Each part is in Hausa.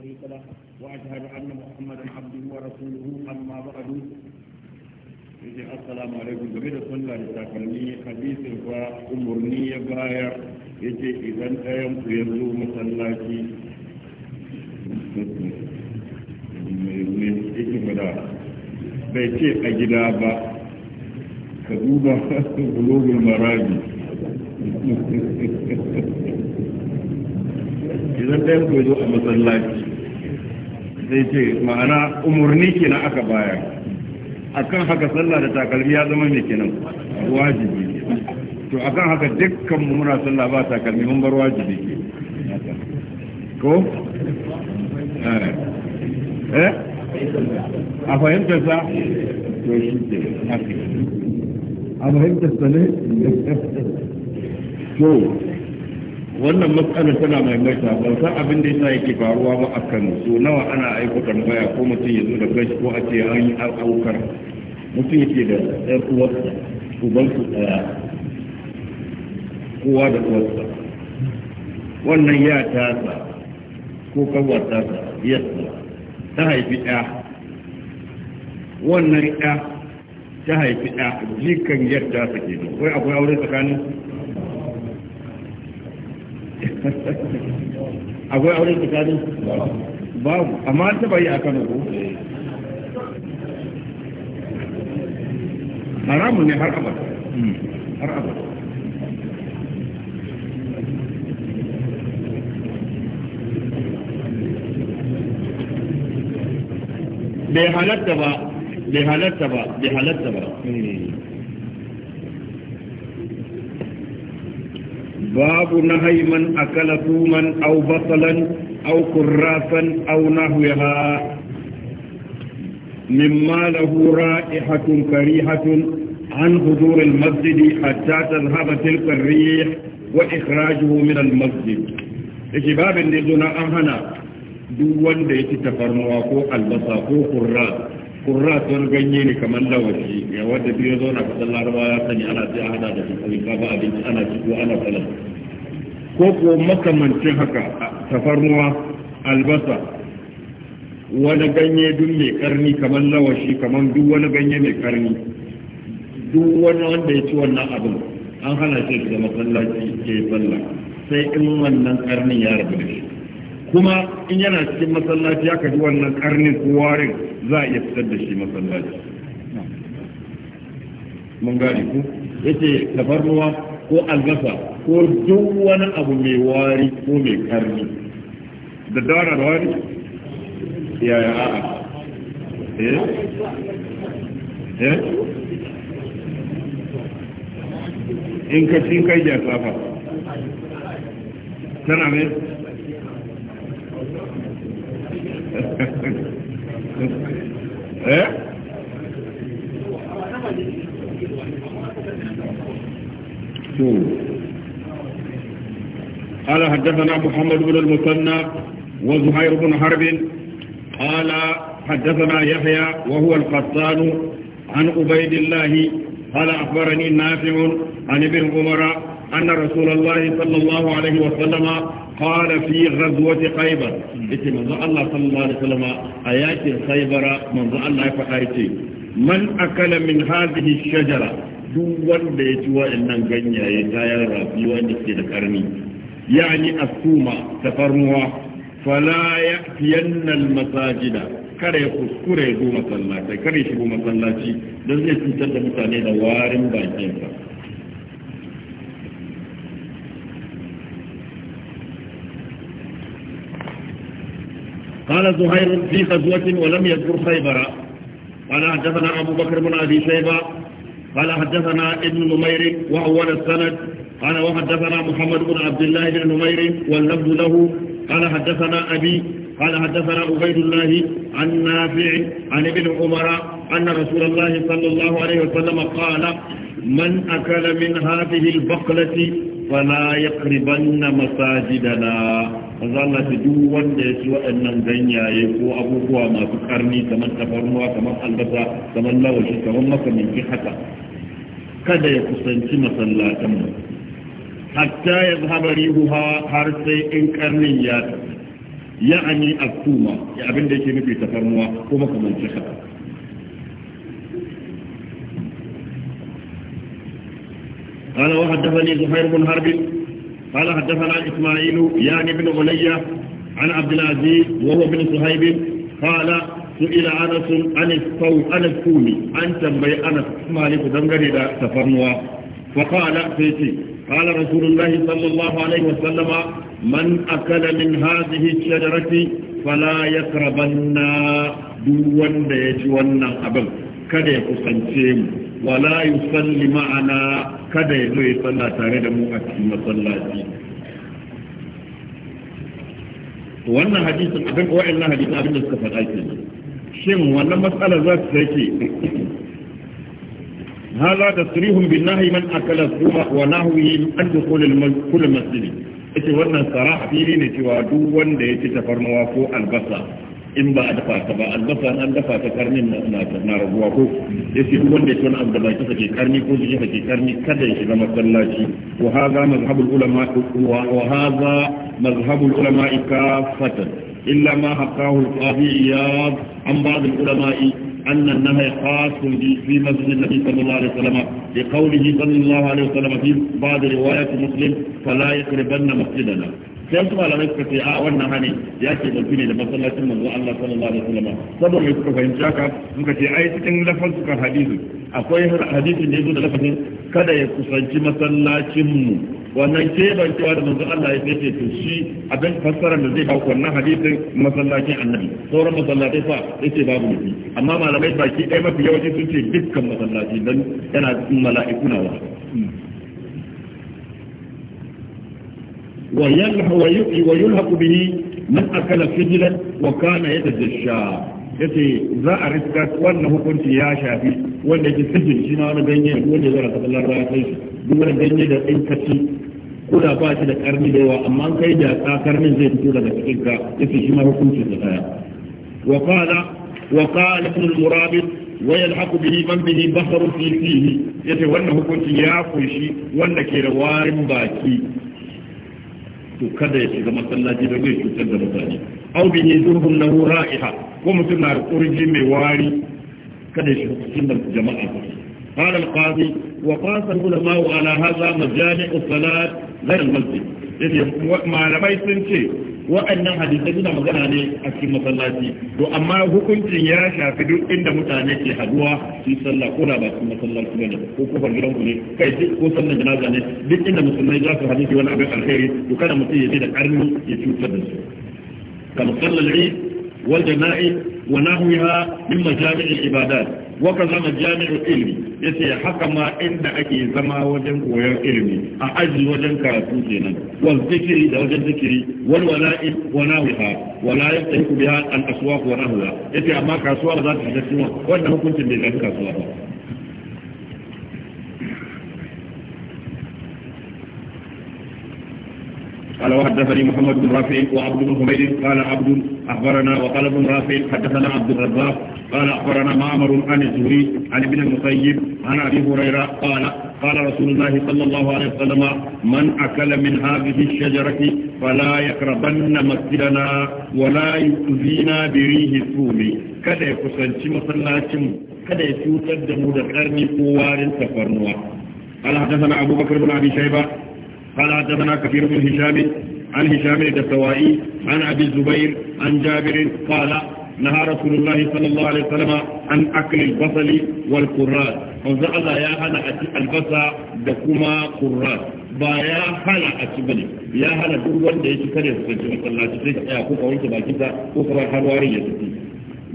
شريك له وأشهد أن محمدا عبده ورسوله أما بعد السلام عليكم جميل صلى الله عليه وسلم حديث وأمرني باير yace idan ɗayan ku ya zo masallaci mai yake bai ce a gida ba ka duba bulogul marabi idan ɗayan ku zo a masallaci zai ce ma'ana umarni kenan aka a akan haka sallah da takalmi ya zama ne kenan wajibi to akan haka dukkan mu muna sallah ba takalmi mun bar wajibi ke ko eh, eh? a fahimtar sa to shi ke a fahimtar sa ne to wannan matsala tana maimaita ban san abin da yasa yake faruwa ba a kan so nawa ana aiko tambaya ko mutum ya zo da gashi ko a ce an yi aukar mutum yake da ɗan uwarsa ubansu ɗaya kowa da uwarsa wannan ya tasa ko kawar tasa yasa ta haifi ɗa wannan ɗa ta haifi ɗa jikan yadda ta ke wai akwai aure tsakanin akwai auren tsakanin babu amma an taba yi a kano ko haramun ne har abada har abada bai halatta ba bai halatta ba bai halatta ba باب نهي من أكل ثوما أو بصلا أو كرافا أو نحوها مما له رائحة كريهة عن حضور المسجد حتى تذهب تلك الريح وإخراجه من المسجد إيش باب النزنا أهنا دوان ديت تفرنوا كو البصا كو قراب kurratun ganye ne kamar lawashi ya wadda biyu zo na kasar laraba ya sani ana ce a hada da shi ba abinci ana ci ko ana salat ko ko makamancin haka tafarnuwa albasa wani ganye duk mai karni kamar lawashi kamar duk wani ganye mai karni duk wani wanda ya ci wannan abin an hana shi da masallaci ke sallah sai in wannan karnin ya rabu da shi kuma in yana cikin masallaci aka ji wannan karnin ko warin za a iya fitar da shi masallaci mun gari ku yace tafarnuwa ko algasa ko duk wani abu mai wari ko mai karni da dara da wari yaya a'a eh eh in ka cin kai ya safa tana mai ايه قال حدثنا محمد بن المثنى وزهير بن حرب قال حدثنا يحيى وهو القطان عن عبيد الله قال أخبرني نافع عن ابن عمر أن رسول الله صلى الله عليه وسلم قال في غزوة خيبر يتي من الله صلى الله عليه وسلم آيات خيبر من الله فحايتي من أكل من هذه الشجرة duk wanda ya ci wa'annan ganyaye kayan rafi wanda ke da karni yani asuma tafarnuwa fala ya kada ya kuskure ya zo masallaci kada ya shigo masallaci don zai cutar da mutane da warin bakinsa قال زهير في غزوة ولم يذكر خيبر قال حدثنا أبو بكر بن أبي شيبة قال حدثنا ابن نمير وأول السند قال وحدثنا محمد بن عبد الله بن نمير واللفظ له قال حدثنا أبي قال حدثنا عبيد الله عن نافع عن ابن عمر أن رسول الله صلى الله عليه وسلم قال من أكل من هذه البقلة fala ya kriban na masajidana n'a ta duk wanda ya ci waɗannan ganyaye ko abubuwa masu karni kamar tafarnuwa kamar albasa kamar lawashi kamar makamanci haka kada ya kusanci masallatanmu hatta ya zaba rihuha har sai in karnin ya tafi ya'ani akuma abin da yake nufi tafarnuwa ko makamanci haka قال وحدثني زهير بن حرب قال حدثنا إسماعيل يعني بن علي عن عبد العزيز وهو بن صهيب قال سئل أنس عن الصوم عن الصوم عن تنبي أنس مالك دنغري دا تفرنوا فقال فيتي قال رسول الله صلى الله عليه وسلم من أكل من هذه الشجرة فلا يقربن دون ديت ونن أبن كده يقصن wala salli ma'ana kada ya zo ya salla tare da mu a cikin masallaci wannan hadisin abin wa'annan hadisin abin da suka faɗa ke shin wannan matsalar za ta yake هذا تصريح بالنهي من أكل الثوم ونهوه عن da كل مسجد ita wannan a fili ne cewa duk wanda ya ci tafarnuwa ko albasa in ba a dafa ta ba albasa an dafa ta karnin na raguwa ko yace duk wanda yake wani abu da ba ta sake karni ko ki sake karni kada ya shiga masallaci wa hadha mazhabul ulama wa hadha mazhabul ulama kafatan illa ma haqahu al-qadi iyad an ba'd al-ulama أن النهي خاص في مسجد النبي صلى الله عليه وسلم لقوله صلى الله عليه وسلم في بعض رواية مسلم فلا يقربن مسجدنا sai wasu malamai suka ce a wannan hane ya ke dauki ne da masallacin manzo Allah sallallahu alaihi wasallam saboda suka fahimci haka suka ce ai cikin lafazin suka hadisi akwai hadisin da yazo da lafazin kada ya kusanci masallacin mu wannan cewa da manzo Allah ya ce to shi abin fassara da zai ba wannan hadisin masallacin annabi sauran masallatai fa yace babu nufi amma malamai baki ɗaya mafi yawanci sun ce dukkan masallaci dan yana malaikuna wa ويلحق به من أكل سجلا وكان يتجشى yace za a riska wannan hukunci ya shafi wanda ke sijin shi na wani ganye wanda zai rasa Allah ya kai shi duk wani ganye da in ka ci ba shi da karni da yawa amma kai da ka karnin zai fito daga cikin ka yace shi ma hukunci da daya wa qala wa qala ibn al-murabit ويلحق به من به بصر في yace يتي hukunci ya kunshi wanda ke da warin baki. to kada ya shiga masallaci da zai cutar da mutane aw bi yadurhum lahu ra'iha ko mutum na kurji mai wari kada ya shiga cikin jama'a قال القاضي وقاس العلماء على هذا مجامع الصلاة غير المسجد يعني ما malamai sun ce. waɗannan hadisai suna magana ne a cikin masallaci to amma hukuncin ya shafi duk inda mutane ke haduwa su sallah ko da ba su masallaci ne ko kofar gidan ku ne kai duk ko sallan janaza ne duk inda musulmai za su hadisi wani abin alheri to kada mutum ya je da karni ya cutar da su kamar sallar والجنائز ونحوها من مجامع العبادات وكذا مجامع العلم يسي حكما عند أكي زما وجن وير علم أعز وجن كراتوتنا والذكر دا وجن ذكري والولائم ونحوها ولا يفتحك بها الأسواق ونحوها يسي أما كاسوار ذات حدثنا وأنه كنت بذلك كاسوار قال وحدثني محمد بن رافع وعبد بن حميد قال عبد أخبرنا وقال ابن رافع حدثنا عبد الرزاق قال أخبرنا معمر عن الزهري عن ابن المسيب عن أبي هريرة قال قال رسول الله صلى الله عليه وسلم من أكل من هذه الشجرة فلا يقربن مسجدنا ولا يؤذينا بريه الثوم كذا يكسنش مسلاتهم كذا يتوتد مدقرني قوار تفرنوا قال حدثنا أبو بكر بن أبي شيبة قال حدثنا كثير بن هشام عن هشام الدستوائي عن أبي الزبير عن جابر قال نهى رسول الله صلى الله عليه وسلم عن أكل البصل والقراد وزع الله يا هلا البصل دكما قراد ba ya hana a ci bane ya hana duk wanda ya ci kare su ci masallaci sai ka tsaya ko ka wanke bakinka ko ka bar harwarin ya tafi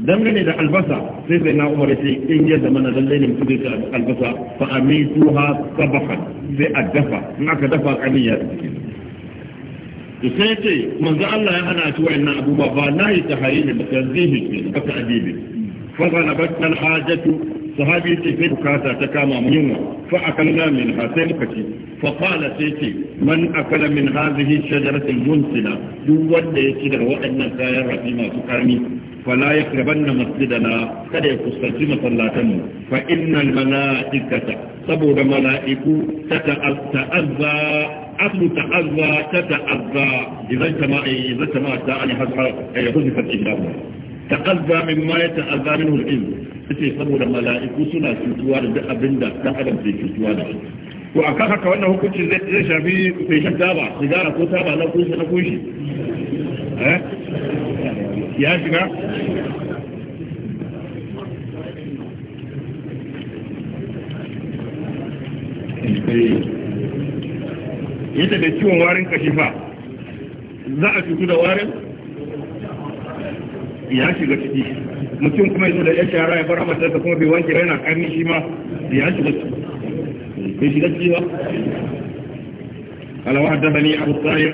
dangane da albasa sai sai na umar ce in ya zama na lallai ne mutum zai ta albasa fa amitu ha sabahan sai a dafa in aka dafa kamin ya to sai ce manzo Allah ya hana shi wayannan abubuwa ba nahi tahrimi da tanzihi da ta'dibi fa ghalabat al hajatu sahabi ce sai bukata ta kama mu yunwa fa akalna min ha sai muka ci fa qala sai ce man akala min hadhihi shajarati al munsila duk wanda ya ci daga waɗannan kayan rafi masu karmi فلا يقربن مسجدنا قد يقصتي مصلاتنا فإن الملائكة صبر ملائك تتأذى أبو تأذى تتأذى إذا انتما إذا انتما أتاني حزحة يهز فتح الله تأذى مما يتأذى منه الإذن إذن صبر ملائك سنة سنتوار بأبن ذا تأذى في سنتوار وأكاها كوانه كنت زيت زيشة في شكتابة سيجارة كتابة لا كنت نكوشي ya shiga eh. yadda da ciwon warin kashifa za a cutu da warin ya shiga ciki mutum kuma yanzu da ya shara ya fara matarsa kuma bai wanke na karni shi ma ya shiga ciki bai shiga ciki ba alawar haddasa ne abu tsari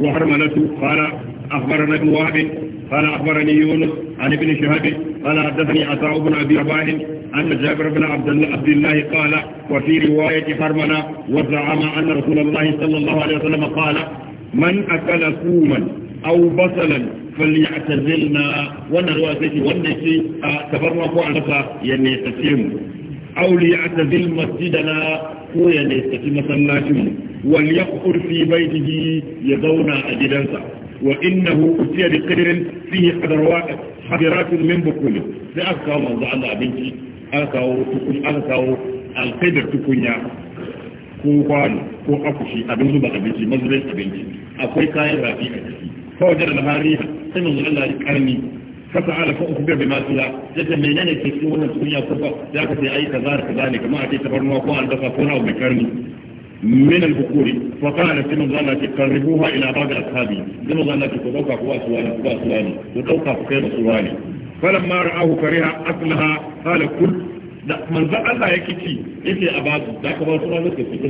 wa harmanatu fara أخبرنا ابن وهب قال أخبرني يونس عن ابن شهاب قال حدثني عطاء بن أبي رباح أن جابر بن عبد الله, عبد الله قال وفي رواية حرمنا وزعم أن رسول الله صلى الله عليه وسلم قال من أكل كوما أو بصلا فليعتزلنا وأن رواية والنسي تفرقوا عنك يعني تسيمه أو ليعتزل مسجدنا هو يستقيم صلاتهم وليقر في بيته يدون أجدنسا وانه اتي بقدر فيه قدرات حضرات من بكل لاذكى موضع الله بنتي الكاو تكون الكاو القدر تكون يا كوبان وقفشي ابن زبا بنتي مزبل بنتي اقول كاي رافي فوجر المعرفه سمع الله يكرمني فتعالى فاخبر بما فيها جد من انا تكون الدنيا كفر ذاك في اي كذلك ما اتيت برنوا فوق الدفا فورا من البكور فقال سيما ظالة قربوها إلى بعض أصحابي سيما ظالة تدوكا قوى سواني قوى سواني تدوكا قوى سواني فلما رآه كريها أصلها قال كل da manzan Allah ya kici yake a babu da ka ba kaci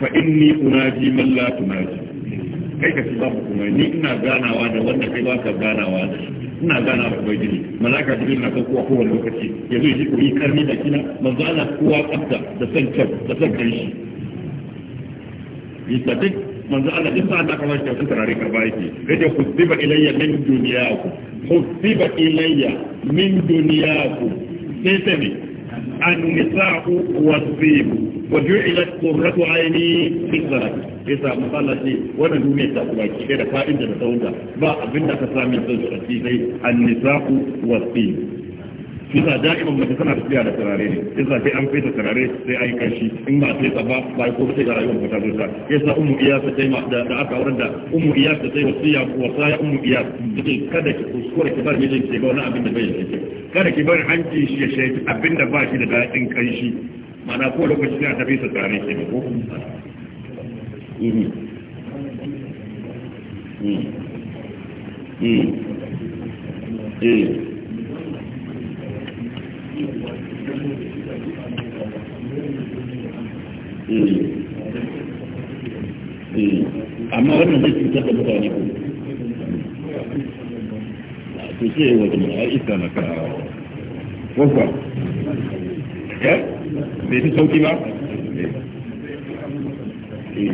fa unaji man la kai babu kuma ni ina ganawa da wanda kai ba ka ganawa da ina gana da gini malaka jibril na kan kowa kowane lokaci ya zo ji koyi karni da kina manzo ana kowa tsafta da san kyau da san manzo duk da kamar karba yake ilayya min ilayya min sai ta ne النساء والطيب وجعلت قرة عيني في الصلاة isa matsala wannan duniya ta kuma ki da fa'in da ta ba abin da ka sami sun sai an yasa da'ima mace tana tafiya da turare ne yasa sai an fesa turare sai an yi kashi in ba sai ba ba ko sai ga rayuwar ta zuwa yasa ummu iyas ta yi da da aka wurin da ummu iyas ta yi wasiya ko wasaya ummu iyas take kada ki kuskure ki bar mijin ki ga wani abin da bai yi kada ki bar hanci shi ya shayi abin da ba shi da daɗin kanshi ma'ana ko lokaci sai a tafi sa turare ke ko Mm. Mm. Mm. Eh, amma wannan zai cutar da mutane to ce na wakwa ya bai fi sauki ba eh.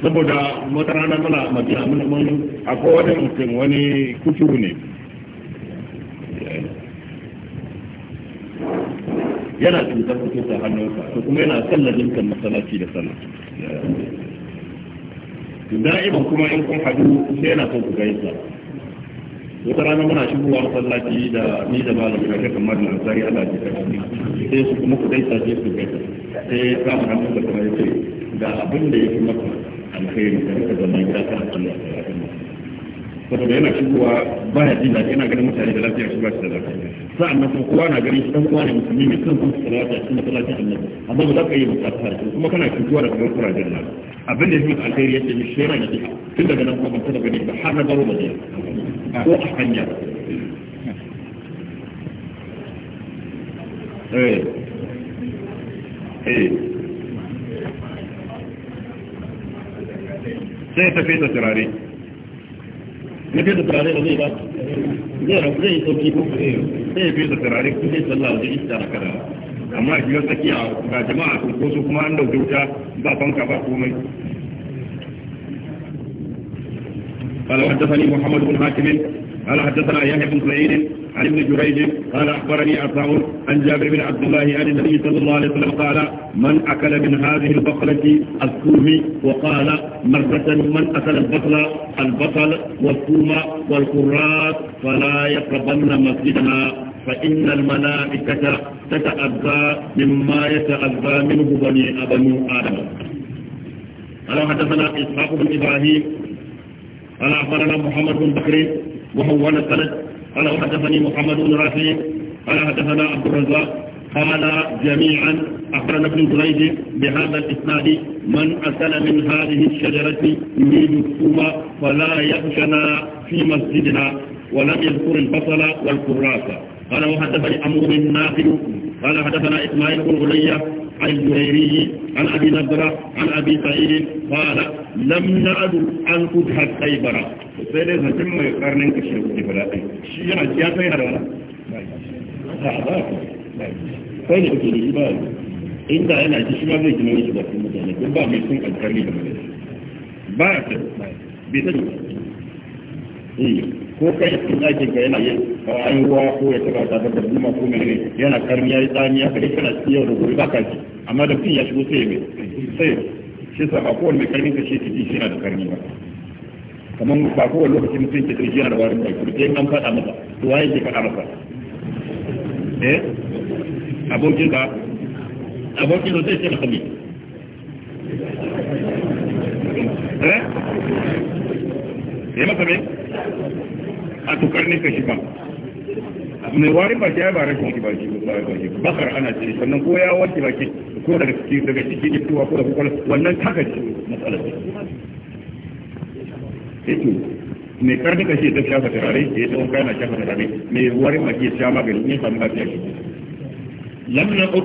saboda rana akwai wani mutum wani ne yana cutar cikin sa hannunsa to kuma yana sallajin kan masallaci da sallah da'iban kuma in kun hadu sai yana son ku gaisa wata rana muna shigowa masallaci da ni da malam da kake kamar da ansari Allah ya kashi sai su kuma ku gaisa sai su gaisa sai ka mu hannu da kuma yace ga abin da yake maka alkhairi da kake zama gida ka Allah saboda yana shigowa baya jin daɗi yana ganin mutane da lafiya shi ba shi da lafiya sa'annan kuma kowa na gari dan uwa ne musulmi ne kan kuma salata cikin masallacin annabi amma ba za ka yi musafa da kuma kana cutuwa da kamar kurajen nan abin da yake alheri yace mi shera ne tun daga nan kuma ban taba gani ba har na baro ba ko a hanya eh eh sai ta fita turare na fita turare ba zai ba zai zai sauki ko sai ya fi su turare kuma sai sallah wajen ita a kada amma shi wata tsakiya ga jama'a sun koso kuma an dauke wuta ba fanka ba komai قال حدثني محمد بن حاتم قال حدثنا يحيى بن سعيد عن ابن جريج قال اخبرني عطاء عن جابر بن عبد الله عن النبي صلى الله عليه وسلم قال من اكل من هذه البقله الثوم وقال مرة من اكل البطل البطل والثوم والقراط فلا يقربن مسجدنا فإن الملائكة تتأذى مما يتأذى منه بني بني آدم قال حدثنا إسحاق بن إبراهيم قال أخبرنا محمد بن بكر وهو السند قال وحدثني محمد بن رافع قال حدثنا عبد الرزاق قال جميعا أخبرنا ابن جريج بهذا الإسناد من أكل من هذه الشجرة يريد الثوم فلا يخشنا في مسجدنا ولم يذكر البصل والكراسة قال وحدثني أمر نافل قال حدثنا إسماعيل بن غلية عن الجريري عن أبي نضرة عن أبي سعيد قال لم نعد أن فتحت خيبر سيدي هتم يقارن كشيء في بلادي شيء أنا جاء في هذا لا فين أكيد يبان إن ده أنا تشمع لي جنوي شباب المدينة كل بعض يكون أجرلي بعد بيتنا إيه ko kai in aikin ka yana yin an wa ko ya taba ta da kuma ko ne. yana karmiya ya tsamiya ka kana ciyo da gobe ba ka ji amma da fin ya shigo sai mai sai shi sa ba kowanne mai karmin ka shi ki shi yana da karmi ba kamar ba kowanne lokaci mutum ke tsirgi yana da warin baki sai an faɗa masa to waye ke faɗa masa eh abokin ka abokin da zai ce masa ne eh ya masa ne a tukar ne ka shi ba mai wari ba ya ba rashin shi ba shi ba ba shi bakar ana ce sannan ko ya wanke ba ke ko daga ciki daga ciki ne tuwa ko da wannan haka ce matsalar yake eh mai karni ka ta shafa turare ya ta wanka yana shafa turare mai wari ma ke sha magani ne samu lafiya shi lam ko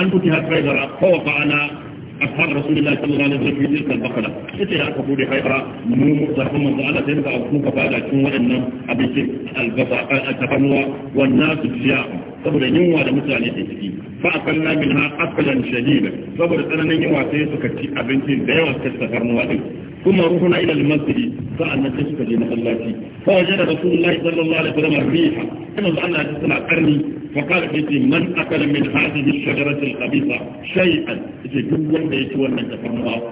an kuti hasbai zara kowa ana. akwai rasulun lalata da ranar zafi ne kan bakala ita ya aka bude haifara mu da kuma da ana taimaka a kuka fada cikin waɗannan abincin albasa a tafarnuwa wannan su fiya saboda yunwa da mutane ke ciki fa a kalla min ha akalan shadida saboda tsananin yunwa sai suka ci abincin da yawa suka tafarnuwa ɗin ثم روحنا إلى المسجد المنزل فعلنا في مصلاتي فوجد رسول الله صلى الله عليه وسلم الريح كما ظلنا تسمع قرني فقال بيتي من أكل من هذه الشجرة الخبيثه شيئا إذا جوا بيتوان من تفرموها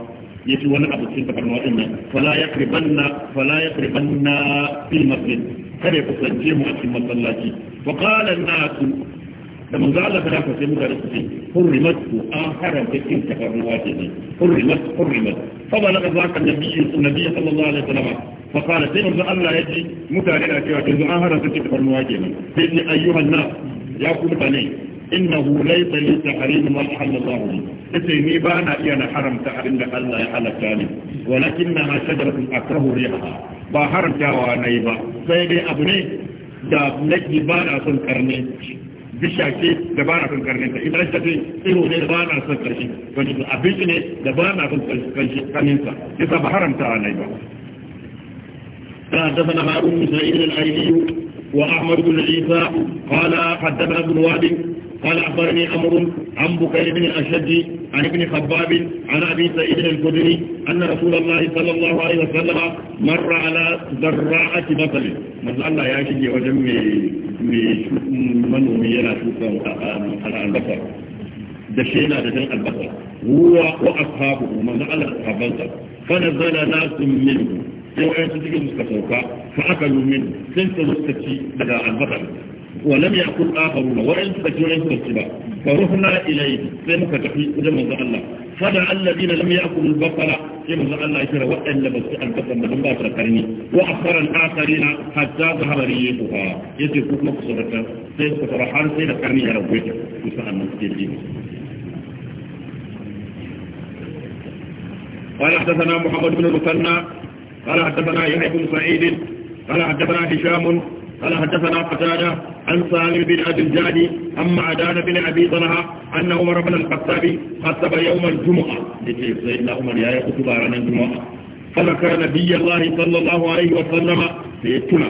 يتوان أبو سنة تفرموها إما فلا يقربن فلا يقربن في المسجد كان يقصد جيمو أسمى الله الناس da manzo Allah kada ka sai mutane su ce hurrimat ku an haramta kin tafarnuwa ke ne hurrimat hurrimat fa ba laka zaka nabi nabi sallallahu alaihi wasallam fa qala sai manzo Allah ya ce mutane da cewa yanzu an haramta kin tafarnuwa ke ne sai ni ayyuhan nas ya ku mutane innahu laysa li tahrim ma ahalla Allah li sai ni ba na iya na haramta abin da Allah ya halatta ni walakinna shajaratun akrahu riha ba haramtawa nayi ba sai dai abu ne da nake ba na son karne bisha da ba na son karshen ta idan ta ce tsiro ne da ba na son karshi wani da abinci ne da ba na son karshi kanin sa yasa ba haramta a nai ba حدثنا هارون بن سعيد wa ahmadu بن isa قال haddana ابن وهب قال أخبرني عمر عن بكير بن الأشد عن ابن خباب عن أبي سعيد الخدري أن رسول الله صلى الله عليه وسلم مر على زراعة بطل مثل الله ياشد وجم من ينا شوكا على البصر دشينا دشين البصر هو وأصحابه من الله أصحابه فنزل ناس منه sai wa'yansu cikin suka sauka fa aka lumin sun su suka ci daga albasar ولم يأكل آخرون وإن تكون لن تكتبا فرحنا إليه سيما فتحي جمع الله فدع الذين لم يأكلوا البقرة جمع الله يسير وإن لم لبس البقرة من باكرة كرمي وأخر الآخرين حتى ظهر ريبها يسير كوك مقصرة سيما فترحان سيما كرمي يا ربك وسأل مستير قال حدثنا محمد بن المثنى قال حدثنا يحيى بن سعيد قال حدثنا هشام قال حدثنا قتادة عن سالم بن أبي الجعد عن معدان بن أبي طلحة أن عمر بن الخطاب خطب يوم الجمعة سيدنا عمر يا خطب عن الجمعة فذكر نبي الله صلى الله عليه وسلم في سيدنا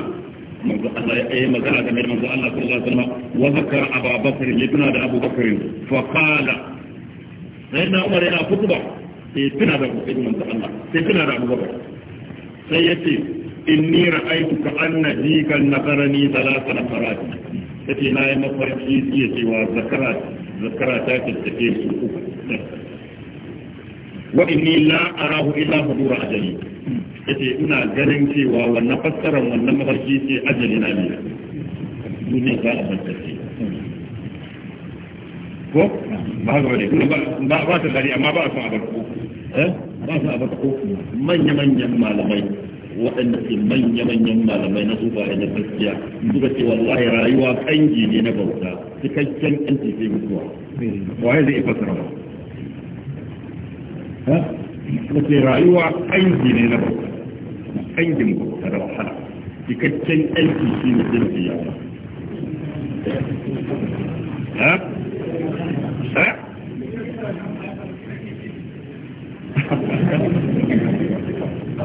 manzo Allah game da manzo Allah sallallahu alaihi wasallam wa zakara Abu Bakr ya tuna da Abu Bakr fa Umar sai tuna da Allah sai tuna da yace inni ra'aytu ka anna jika nakarani thalatha nakarat yace na yi mafarki iya cewa zakara zakara ta tattake su uku wa inni la arahu illa hudura ajali yace ina ganin cewa wannan fassarar wannan mafarki ce ajali na ne duniya za a tattake ko ba haka ba ba ba ta dare amma ba a son a eh ba a son a bar manya manyan malamai waɗanda ke manya-manyan malamai na sufa da na gaskiya duka ce wallahi rayuwa kangi ne na bauta cikakken kanci sai mutuwa waye zai fasara ba ha ce rayuwa kangi ne na bauta kangin bauta da wahala cikakken aiki shi ne zai mutu yawa ha ha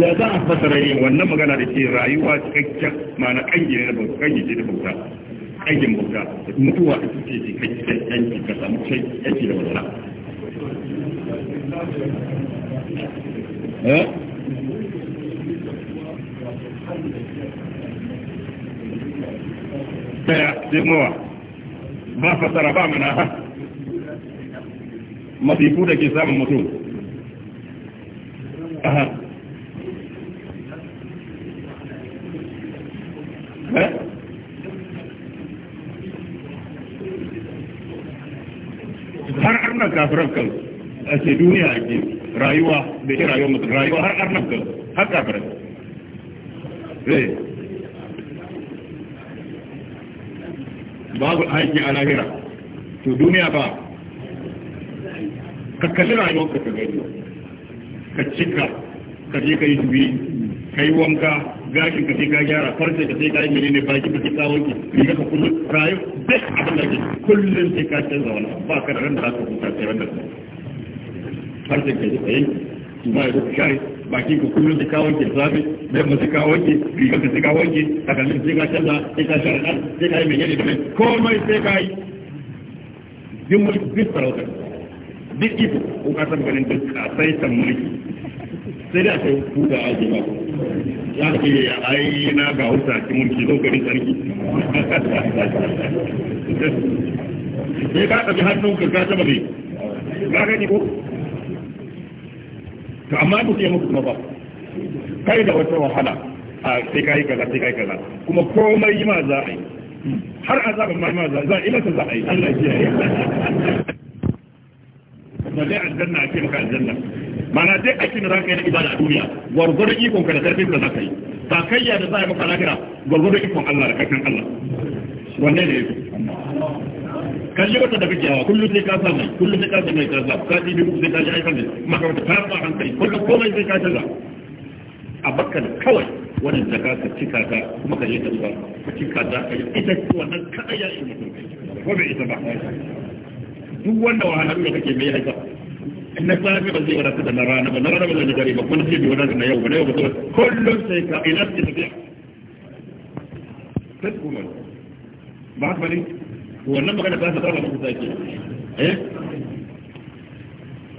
ya za a fasara yin wannan magana da ke rayuwa cikakken mana kangi ne da bauta kangi ce da bauta kangin bauta mutuwa a cikin cikakken yanki ka samu cai yanki da wala eh daya jirmowa ba fasara ba mana ha masifu da ke samun mutum ce duniya ake rayuwa da ke rayuwa mutum rayuwa har arnab ka har kafirai eh. babu aiki a lahira to duniya ba ka kalli rayuwar ka gani ka cika ka je ka yi juyi ka yi wanka gashin ka sai ka gyara farce ka sai ka yi ne baki ka sai tsawon ki riga ka kullum rayu duk abin da ke kullum sai ka canza wani ba ka da ran da za ka huta sai wanda harshen ka zuwa yanki su ma ya zuwa baki ko kullum da ke da yamma sai kawon ke rigar ka sai kawon ke takalmin sai ka canza sai ka share sai ka yi mai da mai komai sai ka yi duk mulki duk duk ko ka san ganin duk kasai san mulki sai da aka yi kuda a ya ce ai na ga ki mulki zo sarki sai ka ɗauki hannun ka ka taɓa ne ka gani ko to amma ba ya muku kuma ba kai da wata wahala a sai kai kaza sai kai kaza kuma komai ma za a yi har azabin ma ma za a yi masa za a yi Allah ya yi ba dai aljanna ake maka aljanna mana dai aikin da za ka yi na ibada a duniya gwargwadon ikon ka da karfin da za ka yi kayya da za a yi maka lahira gwargwadon ikon Allah da karfin Allah wannan ne yake kalli wata da kake hawa kullum sai ka sa mai kullum sai ka sa mai kaza ka ji biyu sai ka ji aikan mai maka wata ka ba hankali kullum komai sai ka canza a bakka da kawai wannan zaka ka cika ta kuma ka je ka zuba ka cika ta ka ita wannan kada ya yi mutum ko bai ita ba duk wanda wahalar da kake mai haifa na safe ba zai wadata da na rana ba na rana ba zai gari ba kuma sai bai wadata na yau ba na yau ba kullum sai ka ina ce tafiya ta kuma ba haka ba ne wannan magana ta saba muku sake eh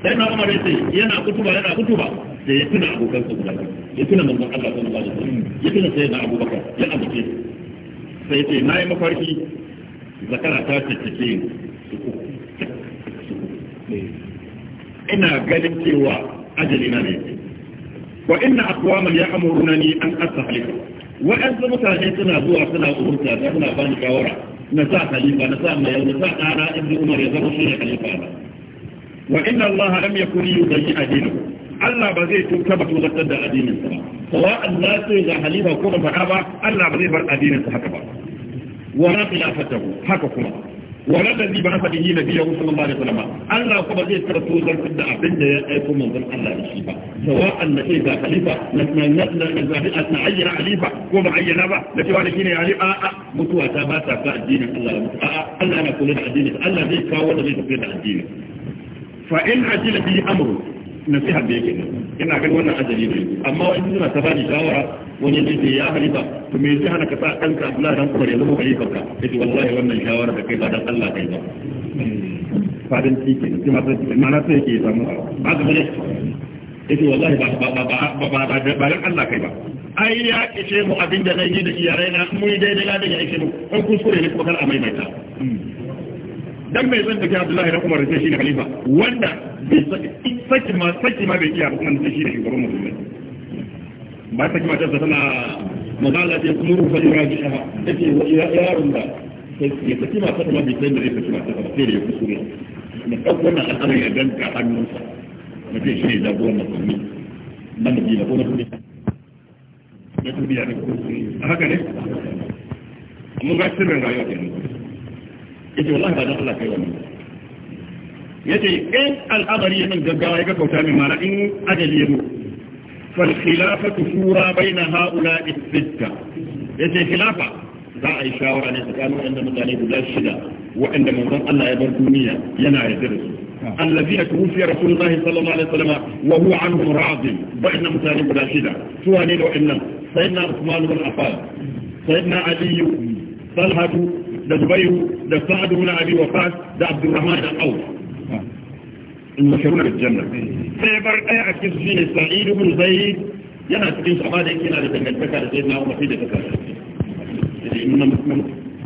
sai na umar sai yana kutuba yana kutuba sai ya tuna abokan sa guda ya tuna manzon Allah sallallahu alaihi wasallam ya tuna sai na Abubakar ya abuke sai na nayi mafarki zakara ta tattake ina ganin cewa ajali na ne wa inna aqwaman ya'muruna ni an asahlika wa azza mutane suna zuwa suna umurta suna bani shawara na sa khalifa na sa mai na sa ɗana ibn umar ya zama shine khalifa ba wa inna allah lam yakun yudayyi dinahu Allah ba zai tuka ba tukatar da addinin sa ba sawa'an na ce ga khalifa ko ba ba Allah ba zai bar addinin sa haka ba wa na khilafatahu haka kuma wala da zai ba sa da hina biya wasu lamar da lamar Allah kuma zai karto zartar da abin da ya aiko manzon Allah da shi ba sawa'an na kai ga khalifa na na na zabi na ayyana khalifa ko ba ayyana ba da cewa da shine ali a a mutuwa ta ba ta ka addinin Allah a a Allah yana kula da addinin Allah zai kawo da zai tafi da addini fa in ajila bi amru nasiha da yake ina ganin wannan ajali ne amma wani suna tafani shawara wani ne sai ya halifa to me zai hana ka sa ɗanka Abdullahi dan kuma ya zama khalifa ka yace wallahi wannan shawara da kai ba dan Allah kai ba fadin cikin ne ma sai ma na sai yake samu ba ga bane sai wallahi ba ba ba ba ba ba ba dan Allah kai ba ai ya kishe mu abinda nayi da iyarai na mu dai dai da ya kishe mu an kuskure ne kuma kar a maimaita dan mai zan da Abdullahi da Umar sai shi ne khalifa wanda bai saki ma saki ma bai iya kuma sai shi ne shugaban musulmai ba saki ma ta tana magana da kumuru fa ira ji ha take ya yaron da sai ya saki ma ta ma bai san da zai saki ma ta sai da ya kusuri da kawai na al'amari ya danka hannunsa na shi shine jagoran musulmi nan da bi da kuma na tubiya ne haka ne mun ga sirrin rayuwa kenan yace wallahi ba dan Allah kai wannan yace in al'amari min gaggawa ya ga kauta min mala in ajali ya zo fal khilafatu shura baina haula as-sitta yace khilafa za a yi shawara ne tsakanin wanda mutane guda shida wa'anda manzon Allah ya bar duniya yana yarda da su الذين توفي رسول الله صلى الله عليه وسلم وهو عنه راض وإن متارب راشدة سواني وإن سيدنا عثمان بن عفان سيدنا علي طلحة da Jubayyu da Sa'ad ibn Abi Waqqas da Abdurrahman da Auf المشهورون بالجنة سيبر أي أكيد فيه سعيد بن زيد yana cikin shaba da yake na da dangantaka da sayyidina Umar sai da kasa da inna muslim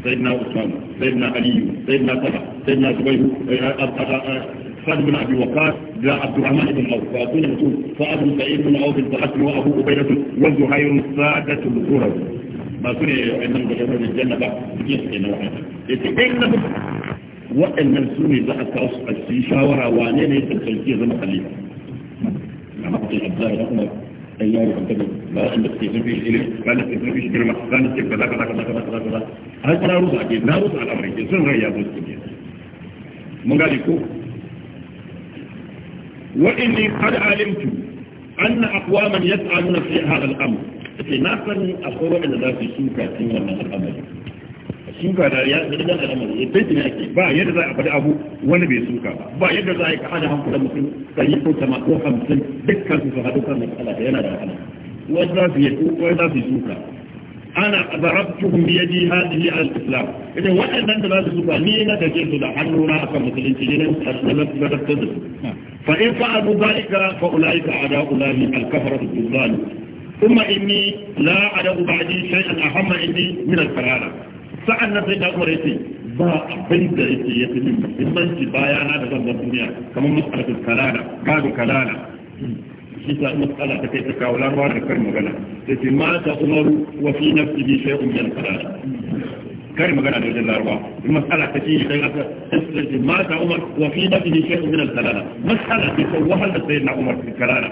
sayyidina Usman sayyidina Ali sayyidina saba sayyidina Zubayr Sa'd bin Abi Waqqas da Abdurrahman ibn Auf wa kullu mutum Sa'd bin Sa'id bin Auf da Abu Ubaidah wa Zuhair Sa'dat al ba su ne nan da yawon aljanna ba suke suke na wahala ya ce ɗaya na waɗannan su ne za a kawo su a cikin shawara wane ne tsarki ya zama khalifa amma kuma abdara da kuma ayyar da kuma ba wanda suke sun fi ilimi ba da suke fi girma ba da suke kaza kaza kaza kaza kaza har kana rusa ake na rusa al'amari ke sun rai ya zo su ne mun gane ko وإني قد علمت أن أقواما يسألون في هذا الأمر yace na sani akwai za su shuka cikin wannan al'amari shuka da ya da al'amari ya ne ake ba yadda za a faɗi abu wani bai shuka ba yadda za a yi ka hada hankula mutum ko tama ko hamsin dukkan su su haɗu kan matsala da yana da wahala wani za su yi wani za su shuka ana zarabtuhum bi yadi hadhihi al-islam idan da za su shuka ni na su da hannuna akan musulunci ne nan da da su fa in fa'alu dhalika fa ulaika al ثم إني لا أدعو بعدي شيئا أهم إني من الفرارة سألنا سيدنا عمر يتي با بنت يتي يتي من بنت بايانا دفن الدنيا كما مسألة الكلانة كاد كلانة شيئا مسألة كي تكاولا وارد كرم غلا يتي ما تأمر وفي نفسه شيء من الفرارة كرم غلا دي جل أربع المسألة كي يتي ما تأمر وفي نفسه شيء من الكلانة مسألة كي تكاولا سيدنا عمر في الكلانة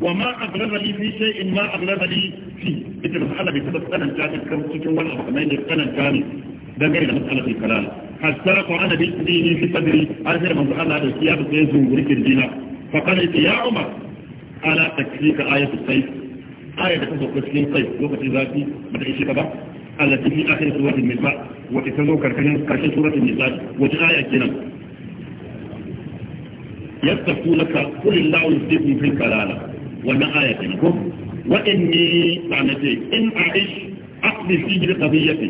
wa ma aghlaba li fi shay'in ma aghlaba li fi ita mas'ala bai taba tsananta ta kan cikin wani abu kamar yadda tsananta ne dangane da mas'alar kalam hatta ko ana bi dini fi sadri har sai manzo Allah da kiyabu sai zunguri kirjina fa kana ya umar ala takfika ayatu sayf da lokacin ka ba التي في آخر سورة النساء وتتذكر كرشن سورة النساء وتآية كنا يستفتونك قل الله يفتيكم في الكلالة wannan ayatin ko waɗanne tsanace in a ishi asibin sigiri kafin yafi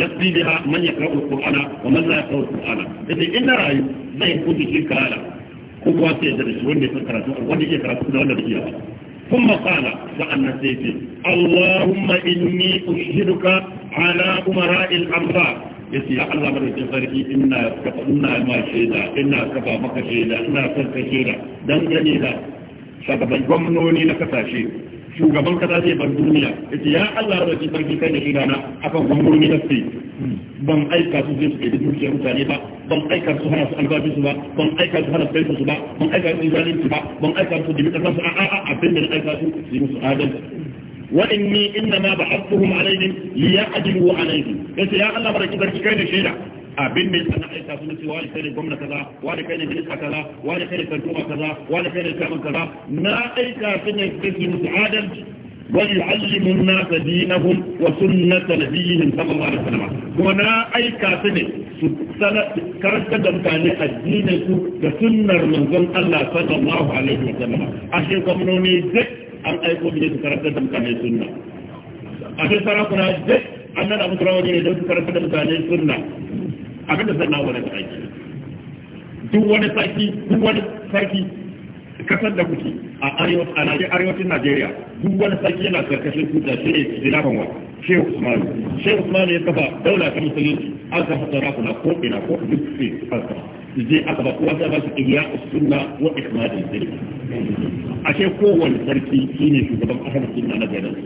ya sigiri ha man ya kawo ƙwa'ala wa man zai kawo ƙwa'ala da ta ina rayu zai kudu shi kala ko kuwa sai da shi wanda ya karatu a ya karatu da wanda ya ba kala wa annan sai ce inni ushiduka ala umara'il amba ya Allah mara jin sarki ina kafa ina ma shaida ina kafa maka shaida ina kafa shaida dangane da shugaban gwamnoni na kasashe shugaban kasa zai bar duniya yace ya Allah rabbi sarki kai da shugana akan gwamnoni na sai ban aika su zai su kai dukiyar mutane ba ban aika su hana su albabi su ba ban aika su hana su su ba ban aika su zalunci ba ban aika su dibi kasar su a a abin da aika su su yi musu adalci وإني إنما بحثهم عليهم ليعدلوا ya Allah يا الله بركي بركي كاين شيئا abin mai sana aika sun ce wani kai ne gwamnati kaza wani kaza kaza kaza na aika wani wa sun sama sanama kuma na aika su ne su karanta da mutane su da sunnar manzon Allah sallallahu alaihi wa a shi gwamnoni duk an aiko mu su karanta da mutane sunna a shi sarakuna duk annan abu turawa ne karanta da mutane sunna abin da sannan wani sarki duk wani sarki duk wani sarki kasar da kuke a arewacin Najeriya duk wani sarki yana karkashin kuta shi ne jilafan wa Shehu Usmanu Shehu Usmanu ya kafa daula ta musulunci an kafa sarakuna ko ina ko duk su an zai aka ba kowa zai ba su iya sunna wa ikmalin sunna ashe kowane sarki shine shugaban ahal sunna na garin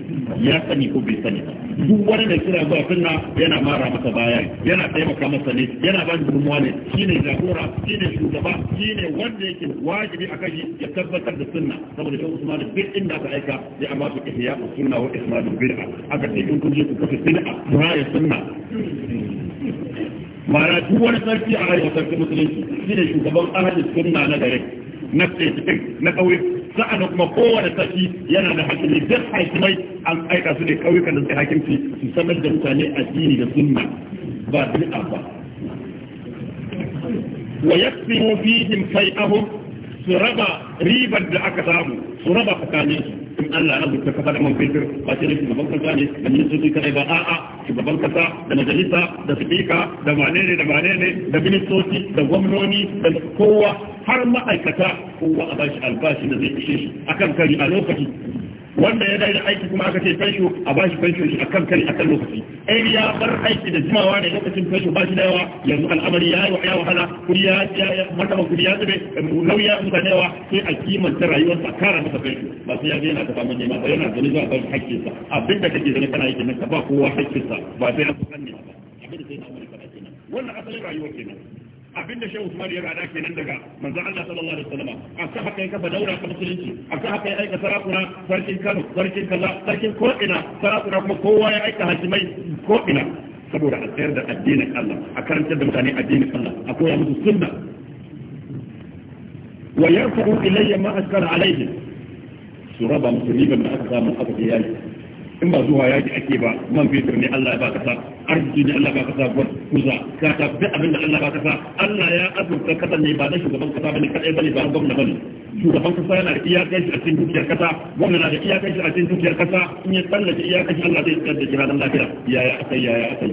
ya sani ko bai sani duk wani da kira zuwa sunna yana mara masa baya yana taimaka masa ne yana ba shi gudunmuwa ne shine jagora shine shugaba shine wanda yake wajibi a kai ya tabbatar da sunna saboda shi Usman duk inda aka aika sai a ba su iya sunna wa ikmalin bid'a aka ce in kun je ku kafa bid'a ra'ayi sunna mara duk wani sarki a arewa sarki musulunci shi ne shugaban ahalin sunna na gare na tsaye na ƙauye sa'an kuma kowane sarki yana da hakimi duk hakimai an aika su ne ƙauyukan da suka hakimci su sanar da mutane addini da sunna ba bid'a ba wa yakfimu fihim sai'ahum su raba ribar da aka samu su raba tsakanin su in Allah ya rubuta kafa da man fetur ba sai shugaban kasa ne da ministoci kadai ba a shugaban kasa da majalisa da sifika da manene da manene da ministoci da gwamnoni da kowa har ma'aikata kowa a bashi albashi da zai ishe shi akan kari a lokaci wanda ya da aiki kuma aka ce fansho a bashi fansho shi akan kari akan lokaci ai ya bar aiki da jimawa ne lokacin fansho ba shi da yawa yanzu al'amari ya yi ya wahala kudi ya ya martaba kuri ya zube nauyi ya mutane yawa sai a kimanta rayuwar sa kara masa fansho ba sai ya je yana tafa mai ba yana gani za a bar hakkin sa abin da kake gani kana yake nan ka ba kowa hakkin sa ba sai an san ne ba abin da sai na amurka kenan wannan asalin rayuwar kenan abinda shehu Usman ya rada kenan daga manzon Allah sallallahu alaihi wasallam a ta haka ka daura ka musulunci a ta haka aika sarakuna sarkin Kano sarkin kaza sarkin ko ina sarakuna kuma kowa ya aika hajimai ko ina saboda a tsayar da addinin Allah a karantar da mutane addinin Allah a koya musu sunna wa yarfa'u ilayya ma askara alaihi su raba musulmi da aka samu aka yi in ba zuwa yaki ake ba man fetur ne Allah ya baka sa arziki ne Allah ya baka sa kuza ka ta bi abin da Allah ya baka sa Allah ya azurta kasa ne ba na shugaban kasa bane kadai bane ba gwamna bane shugaban kasa yana da iyakar a cikin dukiyar kasa gwamna na da iyakar a cikin dukiyar kasa in ya tsallake iyakar shi Allah zai tsallake shi ranar lafiya yaya akai yaya akai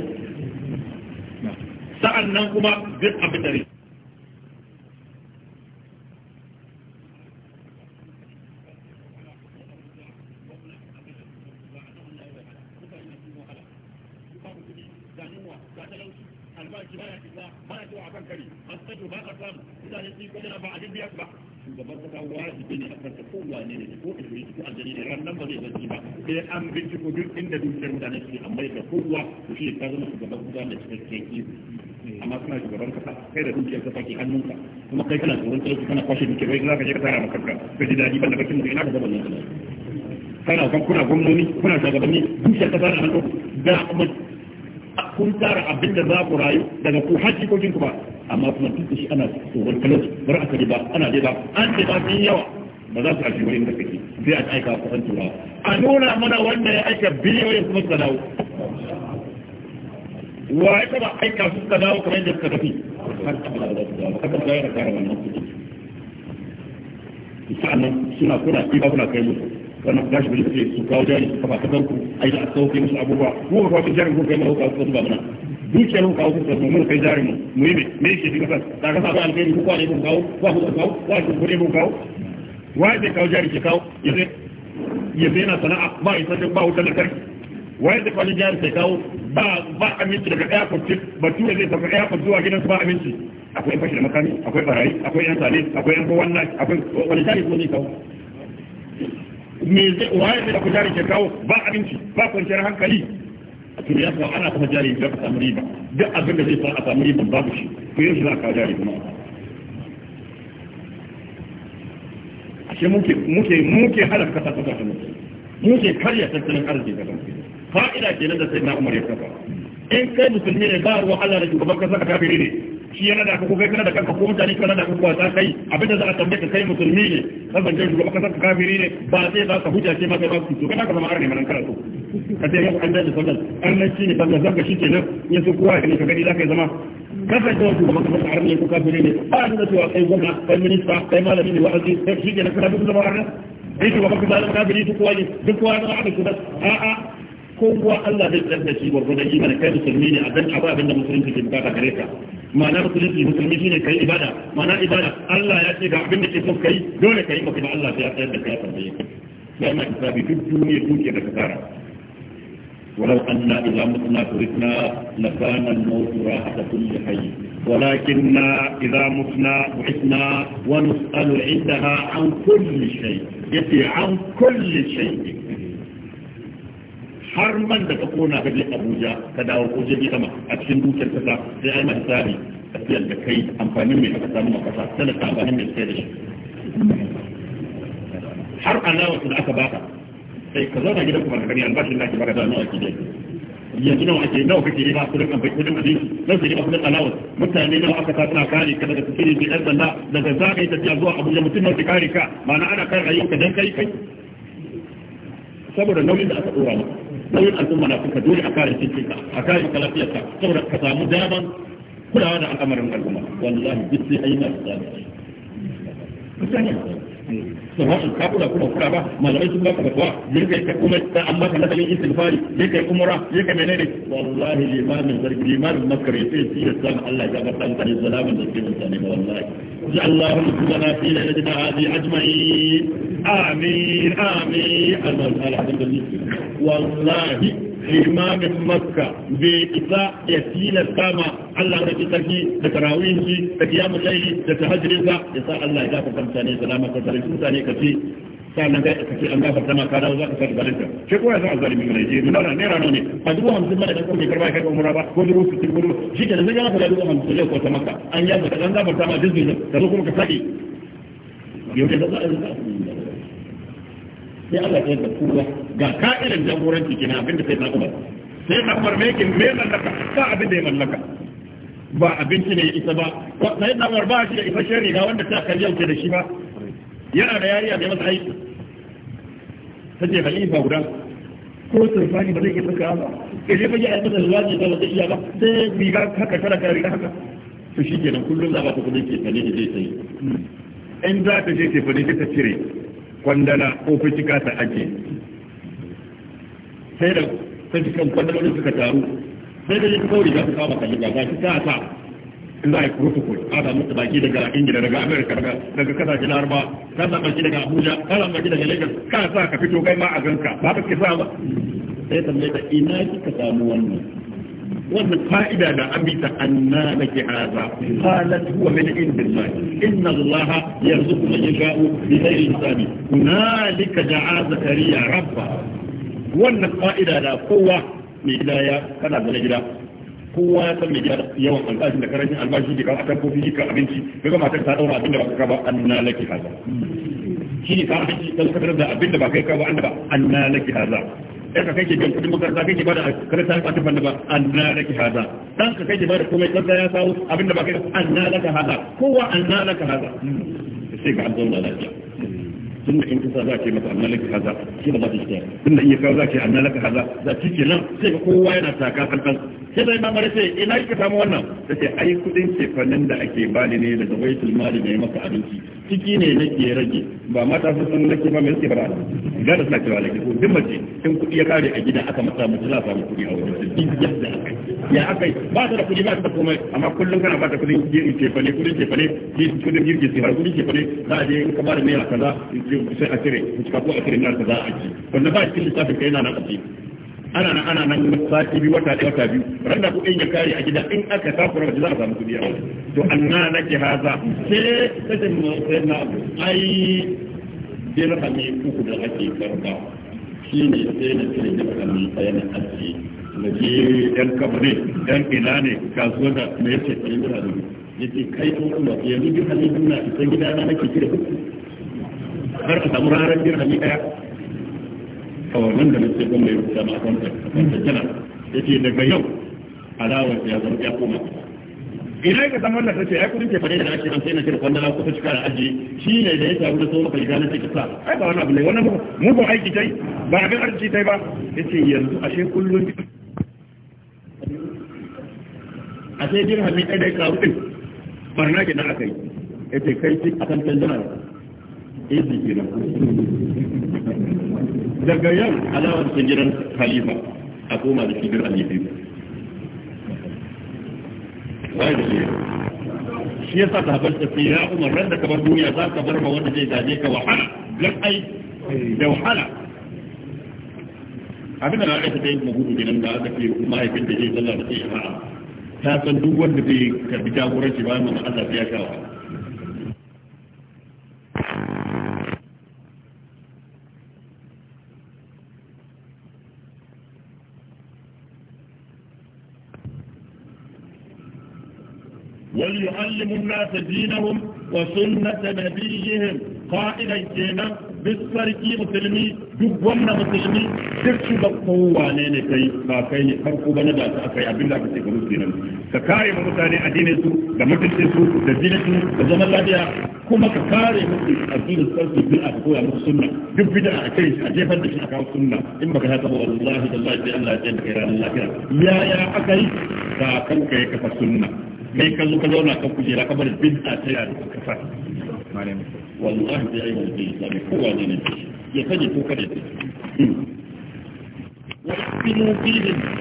sa'an nan kuma zai abin da Ana ba a biya ba a kansa ko wani ne ko a shiri ko a jari ne ran nan ba zai ba sai an binciko duk inda dukiyar mutane suke amma da kowa to shi zama shugaban da amma shugaban kasa kai da dukiyar kasa ke hannunka kuma kai kana tsoron talauci kana kwashe dukiyar kai za ka je ka tara makarka ka ji daɗi ban bakin mutum ina ka zama ne kana kuna gwamnoni kuna shugabanni dukiyar kasa na da kuma kun tara abin da za ku rayu daga ku hajji ko kinku ba amma kuma duk shi ana tsoron talauci bar a ba ana dai ba an ce ba sun yawa ba za su wurin da kake sai a aika ku san turawa a nuna mana wanda ya aika biliyoyin kuma suka dawo wa ita ba aika su suka dawo kamar yadda suka tafi har da za su dawo wannan kuɗi sa'annan suna kuna kiba kuna kai musu wannan gashi bai ce su kawo jari su kafa kasar ku ai da sauke musu abubuwa mu ba fatin jarin ku kai mu kawo su ba mana dukiyar mu kawo su mu kai jari mu mu yi me me yake cikin kasar da kasa ba alheri ku kwane mu kawo ba ku kawo ba ku kure mu kawo wa zai kawo jari ke kawo ya zai yana zai na sana'a ba isa da ba wutar lantarki wa zai kawo jari ke kawo ba ba aminci daga airport bature zai tafi airport zuwa gidansu ba aminci akwai fashi da makami akwai barayi akwai yan sale akwai yan kowanne akwai wani jari ko ne kawo me zai waye zai da jari ke kawo ba abinci ba kwanciyar hankali to ya fa ana kuma jari da samu riba duk abin da zai sa a samu riba babu shi to yanzu za ka jari kuma a ashe muke muke muke halaka kasa kasa muke karya tattalin arziki da kanku fa'ida kenan da sai na Umar ya kafa in kai musulmi ne ba ruwa Allah da shugaban kasa ka kafiri ne shi yana da ko kai kana da kanka ko mutane kana da kuka za kai abinda za a tambaye ka kai musulmi ne kasan kai shugaba ba ka kafiri ne ba sai za ka hujjace ma kai ba su kana ka zama arne manan karatu ka sai ya an da sallan arnan shi ne sallan zaka shi kenan ya su kuwa ne ka gani za ka zama kasan kai su kasan ka arne ko kafiri ne ba ni da cewa kai gwamna kai minista kai malami ne wa kai shi kenan kana duk zama arne kai shugaba kasan kafiri duk wani duk wani da ku da a'a kowa Allah zai tsarka shi gwargwadon imanin kai musulmi ne a dan abin da musulunci ke bukata gare ka ma'ana musulunci musulmi kai ibada ma'ana ibada Allah ya ce ga abin da ke son kai dole kai maka ba Allah sai ya tsayar da kai a tambaye ka ya ma kitabi duk duniya duke da kasara ولو أن إذا متنا تركنا لكان الموت راحة كل حي ولكننا إذا متنا بعثنا ونسأل عندها عن كل شيء يتي عن كل شيء har man da ka kona ga je Abuja ka dawo ko je sama a cikin dukiyar kasa sai ai mai tsari tafiyar da kai amfani mai aka samu a kasa tana ta amfani mai sai da shi har anawa da aka baka sai ka zauna gidan kuma da kani albashin da ake baka da nawa ake yanzu nawa ake nawa kake riba kudin amfani kudin abinci nan sai riba kudin alawas mutane nawa aka sa suna kare ka daga cikin bi ɗan sanda daga za ka yi tafiya zuwa abuja mutum nawa kare ka ma'ana ana kan rayuwa dan kai kai saboda nauyin da aka dora maka sai al'umma na kuka dole a kare cikin ka a kare ka lafiyarka saboda ka samu daman kulawa da al'amarin al'umma wallahi duk sai ayyuka da zalunci mutane sawa'in ka kula kuma kula ba malamai sun baka fatwa je kai ka kuma ta amma ka nasalin istighfari je kai umra je kai menene wallahi limamin zargi limamin makare sai shi da sama Allah ya gafarta da salaman da ke mutane wallahi ji Allahu lana fi lana ajma'in amin amin wallahi limamin makka bai isa ya tilasta ma Allah da sarki da tarawihin shi a dubu an ya a sai Allah ya da kowa ga ka'irin jagoranci kina abinda sai na umar sai na Umar farme ki me mallaka ba abin da ya mallaka ba abinci ne ya isa ba sai na umar ba shi da isa shari ga wanda ta karya ke da shi ba yana da yariya da masa aiki tace khalifa guda ko turfani ba zai iya saka ba kaje ba ya masa lawaji da wata iya ba sai riga haka tara ka riga haka to shikenan kullum za ba ta kudin ke tane da zai sai in za ta je ke fadi ta cire kwandala ko fitika ta ake sai da fitikan da suka taru sai da yi kawai za su kama kalliga za su ta ta in za a yi protocol a samu su baki daga ingila daga amerika daga daga kasashe laraba ka a baki daga abuja ka a baki daga lagos ka sa ka fito kai ma a ganka ba ka ke sa ba sai tambaye ta, ina kika samu wannan wannan fa'ida da abita anna laki hadha qalat huwa min indillah inna allaha yarzuqu man yasha'u bi ghairi hisabi hunalika da'a ya rabba wannan fa'ida da kowa mai gida ya kana da gida kowa ya san mai gida yawan albashin da karancin albashi da kawo akan kofi ka abinci daga matar ta daura abin da ba ka ba anna laki hadha shi ne ka abinci da ka da abin da ba kai ka ba anna laki haza. ɗan ka kai ke biyan kuɗin makaranta kai ke bada karanta a ta fanni ba an na laki haza ɗan ka kai ke bada komai ɗan ya samu abinda ba kai an na laka haza kowa an na laka haza hmm. sai ga an zauna lafiya tunda in za ce maka annalaka kaza shi da za ta shi tunda in ya kawo za ce annalaka kaza za ci ke nan sai ga kowa yana taka kankan sai da imam mare sai ina ka samu wannan sai ai kudin cefanin da ake bani ne daga baitul tulmari da ya maka abinci ciki ne nake rage ba mata su sun nake ba mai suke ga da sake wa lake duk mace in kudi ya kare a gida aka masa mace za a samu kudi a yadda aka ya aka ba ta da kudi ba ta komai amma kullum kana ba ta kudin cefane kudin cefane kudin har kudin cefane za a je in ka ba da a kaza in biyu sai a cire ko a cire nan za a ci wanda ba cikin lissafin kai yana nan a ana nan ana nan sati biyu wata ɗaya wata biyu ran da kuɗin ya kare a gida in aka takura waje za a samu a to anna na nake haza sai kashin sai na ai dirhami uku da ake karba shi ne sai na cire dirhami ɗaya na aji na je ɗan kabare ɗan ina ne da mai ce ɗan dirhami ya ce kai ɗan kuma yanzu na isan gida na nake har ka samu ranar dirhami daya a wannan da nace gwamnati ya ma a kwanta kwanta jana yace daga yau alawar ya zama ya koma idan ka san wannan kace ai kudin ke fare da ake an sai na kira kwandala ko ta cika da aji shi ne da ya taru da sauran fariga na take sa ai ba wannan abu ne wannan mu ba aiki tai ba abin arziki tai ba yace yanzu ashe kullun ashe dirhami ɗaya da din barna ke yace kai izi kenan daga yau alawar ta gidan khalifa a koma da shigar alifi wai da shi shi ya sa sahabar ta ce ya umar ran da ka bar duniya za ka bar ma wanda zai gaje ka wahala lan ai da wahala abin da na aika ta yi mahudu kenan da aka ce mahaifin da zai zalla da ke ta san duk wanda bai karbi jagoranci ba ma mu Allah ya kawo وليعلموا الناس دينهم وسنة نبيهم قائلا كينا بالسرقي مسلمي دبونا مسلمي duk su ba kowa ne ne kai ba kai ne farko ba na da ta akai abin da aka ce ga musulmi ka kare mu mutane addinin su da mutuncin su da dinin su da zaman lafiya kuma ka kare musu addinin su da a koya musu sunna duk bid'a a kai a jefar da shi a kawo sunna in baka haka wallahi wallahi sai Allah ya tsaya da kai ranar lafiya ya ya akai ka kanka ka kafa sunna me ka zo ka zauna kan kujera ka bar bid'a ta yaro ka kafa wallahi sai ai wani islami kowa ne ne ya sani ko kada ya بموكلهم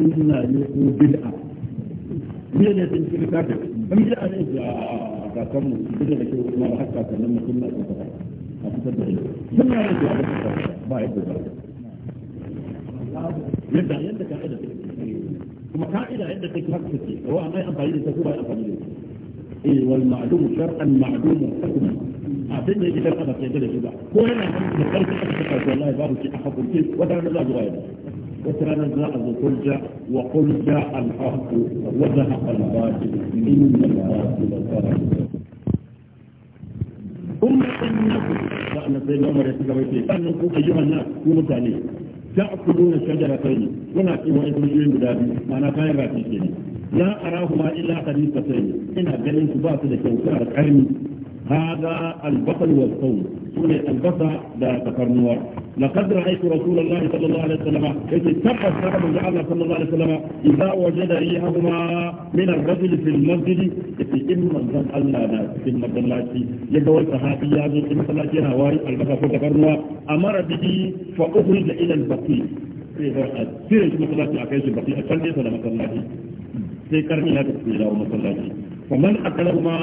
كنا يقول بدعة مين يتم في الكاتب فمن جاء الإنسى ما كنا كنا yadda yadda ka aida kuma ka'ida yadda take haka take ko an ai amfani da ta ko ba amfani da eh wal ma'lum shar'an ma'lum hukman abin da yake shar'a ba sai da shi ba ko yana da karfi a cikin kasuwa wallahi babu shi a hukunci wata rana za zuwa yau wata rana za a zo kun ja wa kun ja al-haqq wa zahaqa al-batil inna al-batila kana ثم انكم فان سيدنا عمر يتقبل فيه انكم ايها الناس كونوا تعليم za a kudu na canja da sai yana ci wani kujiyoyi guda biyu mana bayan rafi ke ne za a rahu ma ila hadisa sai ina ganin su ba su da kyau suna da ƙarni هذا البطل والثوم سورة البطل ده تفرنوا لقد رأيت رسول الله صلى الله عليه وسلم إذ اتقى الصحابة جعل صلى الله عليه وسلم إذا وجد ريحهما من الرجل في المسجد مرضان الله إما الظن ألا ناس إما الظلاتي يقول صحابي يازو إما الظلاتي هواي البصل تفرنوا أمر به فأخرج إلى البقيع سيرة مصلاتي صلى الله عليه وسلم سيكرني هذا السيرة ومصلاتي فمن أكلهما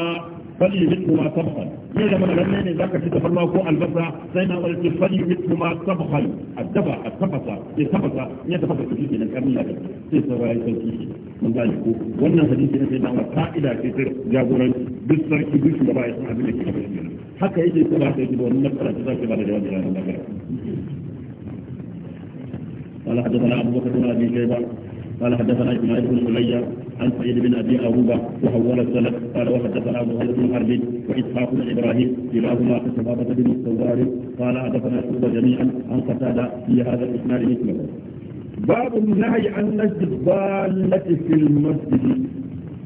fali mitlu ma sabqan ne da mana ne ne zaka ci tafarma ko albasa sai na wani ce fali mitlu ma sabqan addaba addabasa ya tabasa ya tabasa shi ke ne karniya da sai saurayi sarki mun gane ko wannan hadisi ne sai da fa'ida ce ta jagoran duk sarki duk shugaba ya san abin da ke gaba haka yake ko ba ta yi wannan nasara ta zaki ba da jawabi ranar da gara قال حدثنا ابو بكر بن ابي شيبه قال حدثنا اسماعيل بن علي عن سعيد بن ابي اروبه وحول السند قال وحدثنا هريرة بن حرب واسحاق بن ابراهيم كلاهما في صحابه بن الثوار قال حدثنا شعبه جميعا عن قتاده في هذا الاسناد مثله باب النهي عن نجد الضاله في المسجد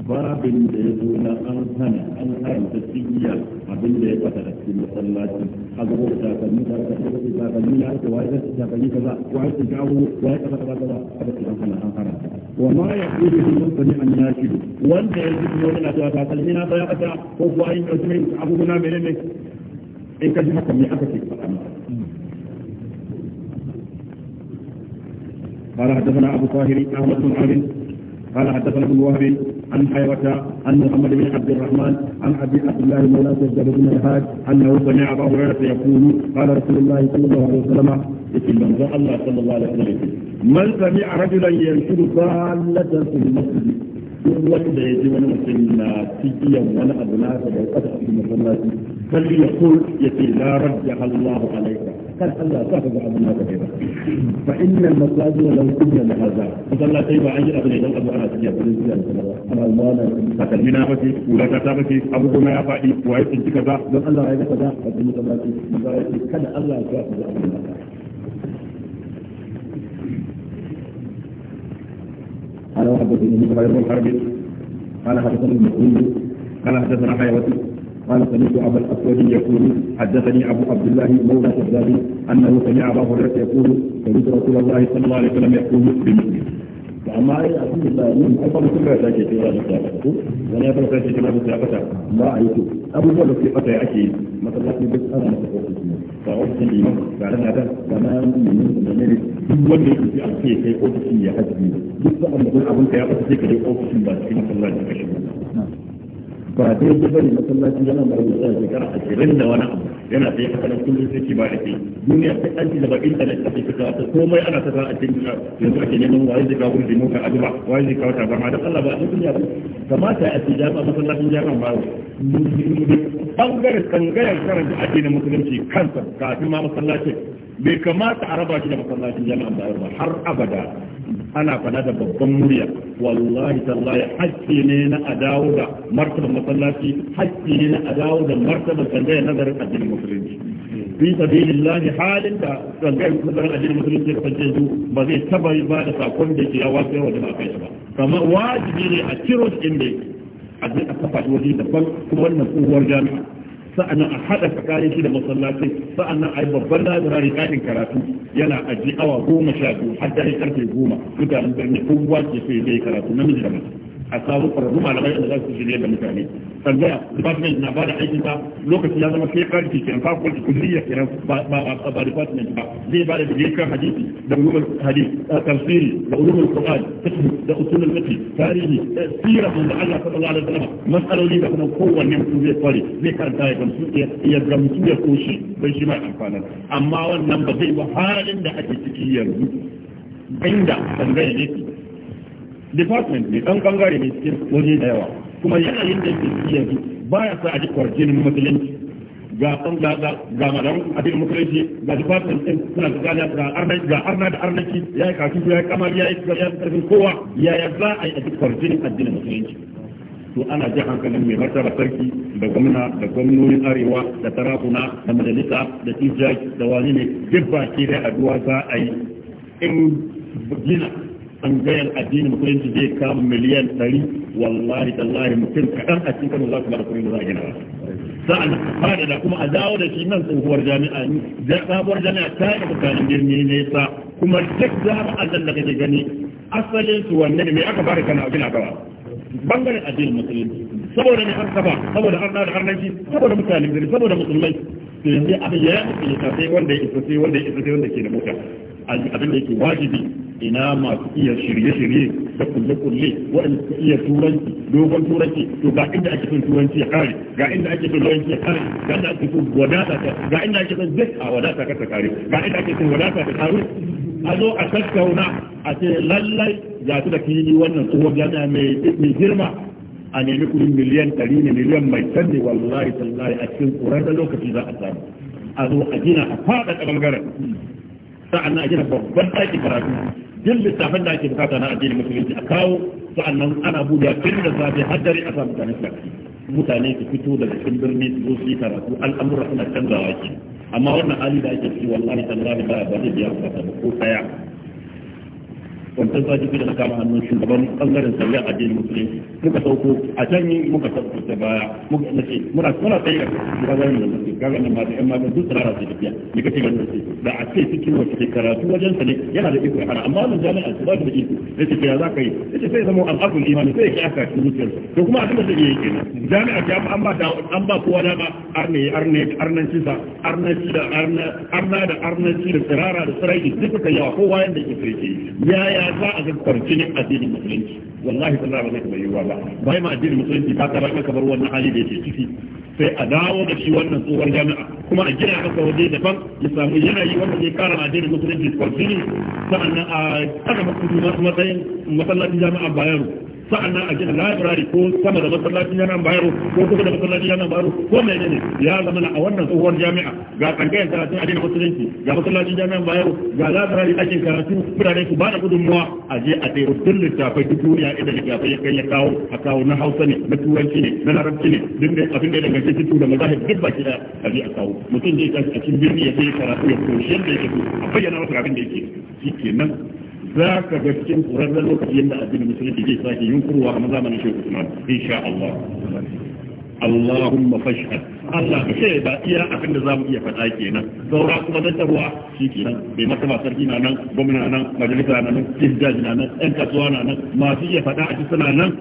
babin da ya zo na an hana an haramta tsigiya abin da ya fata a cikin masallaci a gaba da takalmi da aka tafi takalmi na aka waye zai takalmi ka za waye su jawo waye ka fata kaza a da an hana an haramta wa ma ya fi da shi mutane an ya shi wanda ya zuci wani na cewa takalmi na baya kasa ko kuwa an ɗauki mai abubuwa mai ne in ka ji haka me aka ce faɗa قال حدثنا ابو طاهر احمد بن عبد قال حدثنا ابن وهب عن حيرة عن محمد بن عبد الرحمن عن أبي عبد الله مولى سجد بن الهاد أنه سمع أبا هريرة يقول قال رسول الله صلى الله عليه وسلم اتبع الله صلى الله عليه وسلم من سمع رجلا ينشد ضالة في المسجد duk wanda ya ji wani mutum na cikiyan wani abu nasa da ya kasa a cikin masallaci kalli ya kul ya ce la rabbi Allahu alaika قد الله تحفظ عبد الله كثيرا فإن المساجد لو كنا لهذا فقال لا تيبع عجل أبن إذن أبو أنا تجي أبو إذن أنا المانا فكان هنا بكي ولا كتابكي أبو كما يفعي وعيد انت كذا لو الله عيد كذا فإن الله كان الله تحفظ عبد الله أنا وحدثني من غير الحرب أنا حدثني المسؤول أنا حدثنا حيوتي قال سمعت ابا الاسود يقول حدثني ابو عبد الله مولى الشبابي انه سمع ابا هريره يقول سمعت رسول الله صلى الله عليه وسلم يقول بمثله amma ai a cikin tsarin ai kuma sun ta ke cewa da tsaka ko wani ya farka shi kana da tsaka ba a yi to abubuwan da suke fata ake masallaci duk ana masa kokoki ne ba ofishin da imam ba ran da ba na yin da ne duk wanda yake a ce kai ofishin ya haji duk sa'an da abun ka ya fata sai ka je ofishin ba cikin masallaci ka shiga ba dai ya bari masallaci yana da rubuta shekara ashirin da wani abu yana sai haka nan kullum sai ba da ke duniya ta kanci da bakin da take fita ta komai ana ta a cikin yanzu ake neman wai zai kawo da muka aduba wai zai kawo tabarma da Allah ba a cikin ya kamata a ci jama'a masallacin jama'a ba bangaren kangaren karanta addinin musulunci kansa kafin ma masallacin bai kamata a raba shi da masallacin jami'an bayar ba har abada ana fada da babban murya wallahi tallahi hakki ne na a da martaba masallaci hakki ne na a da martaba martaban ya nazarin addinin musulunci fi sabilillahi halin da tsangayar nazarin addinin musulunci da fanje zu ba zai taba ba da sakon da ke yawa sai wajen a yi ba kamar wajibi ne a ciro shi inda a zai a kafa waje daban kuma wannan tsohuwar jami'a sa'annan a haɗa tsakanin shi da masallaci sa'annan a yi babban labirari ƙarin karatu yana aji awa goma sha biyu har dare karfe goma mutanen birni kowa ke so ya karatu namiji da mace a samu kwararru malamai da za su shirya da mutane sanda department na ba da aiki ta lokaci ya zama sai karfi kenan fa ko kulliya kenan ba ba ba department ba zai ba da digiri kan hadisi da ulumul hadis tafsiri da ulumul qur'an fiqh da usul al-fiqh tarihi sira da Allah sallallahu alaihi wasallam masaloli da kuma kowanne mutum zai kware zai karanta ya gamsu ya gamsu ya koshi bai shi ma amfana amma wannan ba zai ba da ake ciki yanzu inda gaya ne. department ne ɗan ɓangare ne cikin waje da yawa kuma yanayin da ke ciki ba baya sa a ji ne musulunci ga ga ga ga madan abin musulunci ga department ɗin suna ga ga arna ga arna da arnaki ya yi kafin ya yi kamar ya yi karfin kowa yaya za a yi a ji ne addinin musulunci to ana ji hankalin mai martaba sarki da gwamna da gwamnonin arewa da tarakuna da majalisa da tijjaki da wani ne duk ke da aduwa za a yi in gina an gayar addini musulunci zai kama miliyan 100 wallahi tallahi mutum kaɗan a cikin za su ba da kuɗin da za a gina ba sa'an fada da kuma a dawo da shi nan tsohuwar jami'a da sabuwar jami'a ta yi tsakanin birni sa kuma duk a jami'an da kake gani asalin su wanne ne mai aka fara kana gina gaba bangaren addinin musulunci saboda ne an kafa saboda an da harnanci saboda mutane gari saboda musulmai to yanzu abin ya yi sai wanda ya isa sai wanda ya isa sai wanda ke da mota abin da yake wajibi ina masu iya shirye-shirye da kulle-kulle waɗanda su iya turanci dogon turanci to ga inda ake son turanci ya kare ga inda ake son turanci ya kare ga inda ake son wadata ta ga inda ake son zai a wadata ka ta kare ga inda ake son wadata ta kare a zo a tattauna a ce lallai ga su da fili wannan tsoho jami'a mai girma a nemi kudin miliyan ɗari ne miliyan mai sanne wallahi tallahi a cikin tsoron da lokaci za a samu a zo a gina a faɗaɗa ɓangaren sa'an na a gina babban ɗakin karatu duk lissafin da ake bukata na addinin musulunci a kawo sa'annan ana buɗe tun da safe har dare a sa mutane su mutane su fito daga cikin birni su zo su yi karatu al'amura suna canzawa ke amma wannan hali da ake ciki wallahi tallahi ba ba zai biya bukata ba ko tsaya wancan sati biyu da na kama hannun shugaban bangaren sauya addinin musulunci muka sauko a can yi muka sauko ta baya muka nace muna muna tsaye da shugaban da muke kaga nan ma da ƴan mata duk tsara su tafiya ne kace ganin sai da a ce cikin wata ke karatu wajen sa ne yana da iko hana amma wannan jami'a su ba su da iko yace ya za ka yi yace sai zama al'aqul imani sai ya aka cikin zuciyar to kuma abin da zai yi kenan jami'a ta an ba an ba kowa da ba arne arne arnanci sa arnanci da arna arna da arnanci da tsirara da tsirai duk suka yawa kowa yanda yake yaya yaya za a ga kwarjinin addinin musulunci wallahi tallahi ba zai taɓa yiwuwa ba bai ma addinin musulunci ta kara maka bar wannan hali da yake ciki sai a dawo da shi wannan tsohon jami'a kuma a gina maka waje daban ya samu yanayi wanda zai kara ma addinin musulunci kwarjini sa'annan a kada masu matsayin masallacin jami'a bayan sa'annan a gina library ko sama da masallacin yana bayaro ko kusa da masallacin yana bayaro ko mai ne ya zama a wannan tsohuwar jami'a ga tsangayar karatun a dina musulunci ga masallacin jami'an bayaro ga library ake karatu birane su ba da gudunmuwa a je a tsaye duk littafai duk duniya idan littafai ya kai ya kawo a kawo na hausa ne na turanci ne na larabci ne duk da abin da ya danganci fito da mazahib duk baki da a je a kawo mutum zai tashi a cikin birni ya sai karatu ya koyi yadda yake so a bayyana masa abin da yake shi kenan za ka ga cikin ƙurarren lokaci yadda addinin musulunci zai sake yunkurwa a zamanin shehu usman insha Allah Allahumma fashhad Allah ka sai ba iya abin da za mu iya faɗa kenan saura kuma tattarwa shi kenan bai maka ba sarki na nan gwamna nan majalisa na nan chief judge na nan ɗan kasuwa na nan masu iya faɗa a suna nan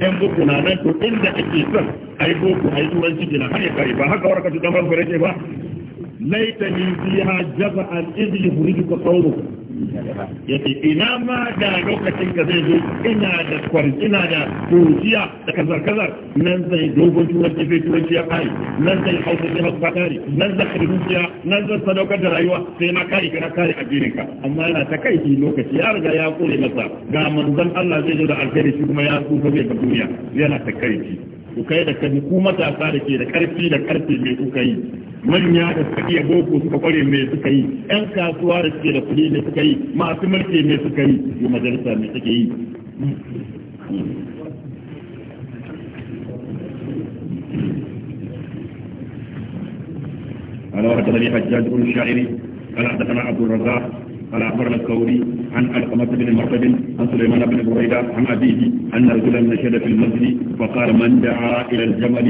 ɗan boko na nan to inda ake son ai boko ai turanci kenan har ya kare ba haka warka ta dan farko ba laitani fiha jaza'an idh yuhrijuka qawluka ce ina ma da lokacin ka zai zo ina da kwarcina da kujiya da kazar-kazar nan zai dogon turanci sai turanci ya kari nan zai hau da jihar fatari, nan zai kari zuciya nan zai sadaukar da rayuwa sai ma kare kana a jirin ka amma yana ta kai shi lokaci ya riga ya kore masa ga manzon Allah zai zo da alkhairi shi kuma ya tsufa zai ga duniya yana ta kai shi ku kai da kai ku matasa da ke da karfi da karfi mai kuka yi manya da suka iya boko suka kware me suka yi yan kasuwa da suke da kuɗi ne suka yi masu mulki ne suka yi yi majalisa ne suke yi قال وحدثني حجاج بن الشاعري قال حدثنا عبد الرزاق قال اخبرنا الثوري عن علقمة بن مرتب عن سليمان بن بريدة عن ابيه ان رجلا نشد في المسجد فقال من دعا الى الجمل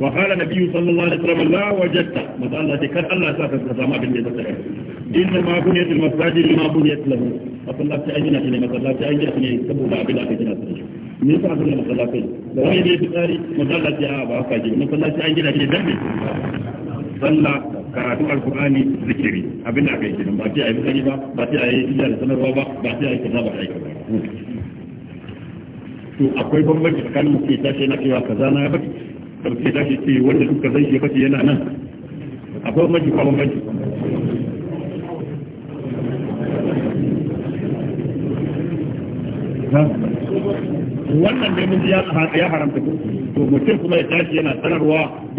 وقال النبي صلى الله عليه وسلم لا وجدت ما قال الله كان الله ساك سما بن يذكر انما بنيت المساجد لما بنيت له فقال الله تعالى ان لما قال الله تعالى ان سبوا بلا كده من صاحب لما قال الله وهي دي تقاري ما قال الله تعالى باك دي ما قال الله تعالى ان جنا دي ذنب صلى قرات القران ذكري ابن ابي جن ما تي اي ما تي اي الا سنه ربا ما تي اي كتابه to akwai bambanci tsakanin mutum ya tashi yana cewa kaza na ya bace da mutum ya tashi ce wanda duka zai ya bace yana nan akwai bambanci kwa bambanci wannan ne mun ya haramta to mutum kuma ya tashi yana sanarwa